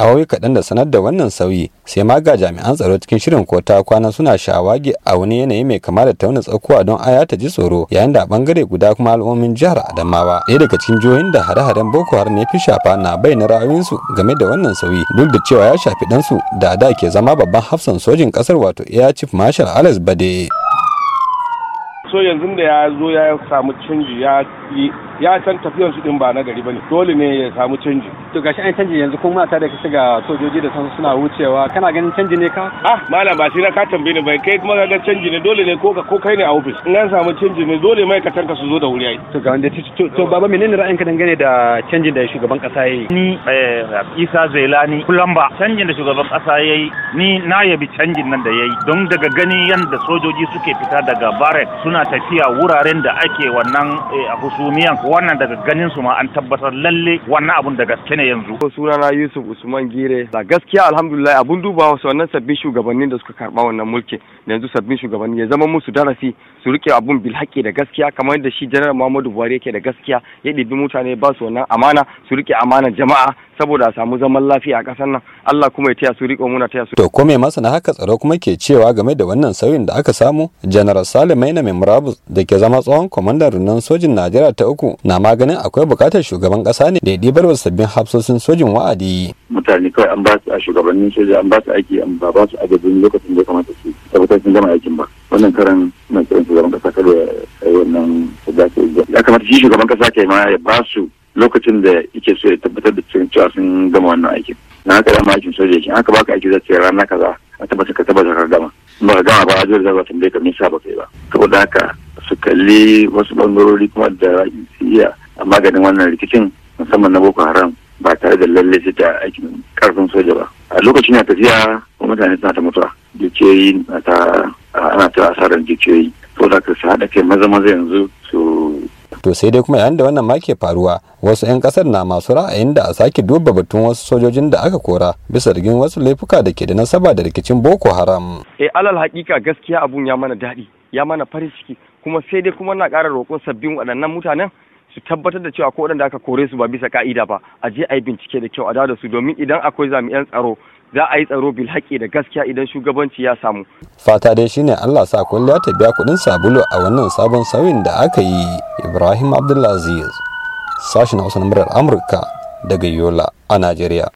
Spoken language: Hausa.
A wai kaɗan da sanar da wannan sauyi sai ma ga jami'an tsaro cikin shirin kota kwana suna shawagi a wani yanayi mai kama da tauna tsakuwa don aya ta ji tsoro yayin da a bangare guda kuma al'ummin jihar adamawa ɗaya daga cikin jihohin da hare-haren boko haram ne fi shafa na bayyana ra'ayoyinsu game da wannan sauyi duk da cewa ya shafi ɗansu da da ke zama babban hafsan sojin ƙasar wato air chief marshal alex bade so yanzu da ya zo ya samu canji ya ya san tafiyan su din ba na gari bane dole ne ya samu canji to gashi an canji yanzu kuma ta da kace ga sojoji da sansu suna wucewa kana ganin canji ne ka ah malam ba sai na ka tambaye ni bai kai kuma ga canji ne dole ne ko ko kai ne a office in an samu canji ne dole mai ka tanka su zo da wuri ai to ga wanda to baba menene ra'ayinka dangane da canjin da shugaban kasa yayi ni eh, Isa Zailani Kulamba canjin da shugaban kasa yayi ni na yabi canjin nan da yayi don daga gani yanda sojoji suke fita daga barrack suna tafiya wuraren da ake wannan eh, abu su miyan wannan daga ganin su ma an tabbatar lalle wannan abun da gaske ne yanzu sunana Yusuf Usman Gire da gaskiya alhamdulillah abun duba wasu wannan sabbin shugabannin da suka karba wannan mulki da yanzu sabbin shugabanni ya zama musu darasi su rike abun bil haƙi da gaskiya kamar yadda shi Janar Muhammadu Buhari yake da gaskiya ya ɗibi mutane ba su wannan amana su rike amanar jama'a saboda a samu zaman lafiya a ƙasar nan Allah kuma ya taya su riƙo muna taya su. To ko me na haka tsaro kuma ke cewa game da wannan sauyin da aka samu General Salim Maina Memrabus da ke zama tsohon kwamandan rundunar sojin Najeriya ta uku na maganin akwai buƙatar shugaban ƙasa ne da ya ɗibar sabbin hafsoshin sojin wa'adi. Mutane kawai an ba su a shugabannin soja an ba su aiki an ba su agajin lokacin da ya kamata su tabbatar sun gama aikin ba. Wannan karan na kiran shugaban kasa kada ya yi wannan ya kamata shi shugaban kasa kai ma ya ba su lokacin da yake so ya tabbatar da cewa sun gama wannan aikin na haka da aikin soja shi haka baka aiki zai ta rana kaza a tabbata ka tabbata ka gama ba ka gama ba a zai zaba tambaye ka nisa ba kai ba saboda haka su kalli wasu bangarori kuma da su iya a maganin wannan rikicin musamman na boko haram ba tare da lalle su da aikin karfin soja ba a lokacin ya tafiya mutane suna ta mutuwa ta ana ta asarar jikiyoyi saboda ka su haɗa kai maza maza yanzu to sai dai kuma yayin da wannan ma ke faruwa wasu 'yan kasar na masu ra'ayin da a sake duba batun wasu sojojin da aka kora bisa rigin wasu laifuka da ke da nasaba da rikicin boko haram eh alal hakika gaskiya abun ya mana daɗi ya mana farin ciki kuma sai dai kuma na ƙara roƙon sabbin waɗannan mutanen su tabbatar da cewa ko waɗanda aka kore su ba bisa ka'ida ba a je a yi bincike da kyau a dawo da su domin idan akwai jami'an tsaro za a yi tsaro bil haƙƙi da gaskiya idan shugabanci ya samu. Fata dai shine Allah sa kwalliya ta biya kuɗin sabulu a wannan sabon sauyin da aka yi Ibrahim Abdulaziz sashen Hausa na Amurka daga Yola a Najeriya.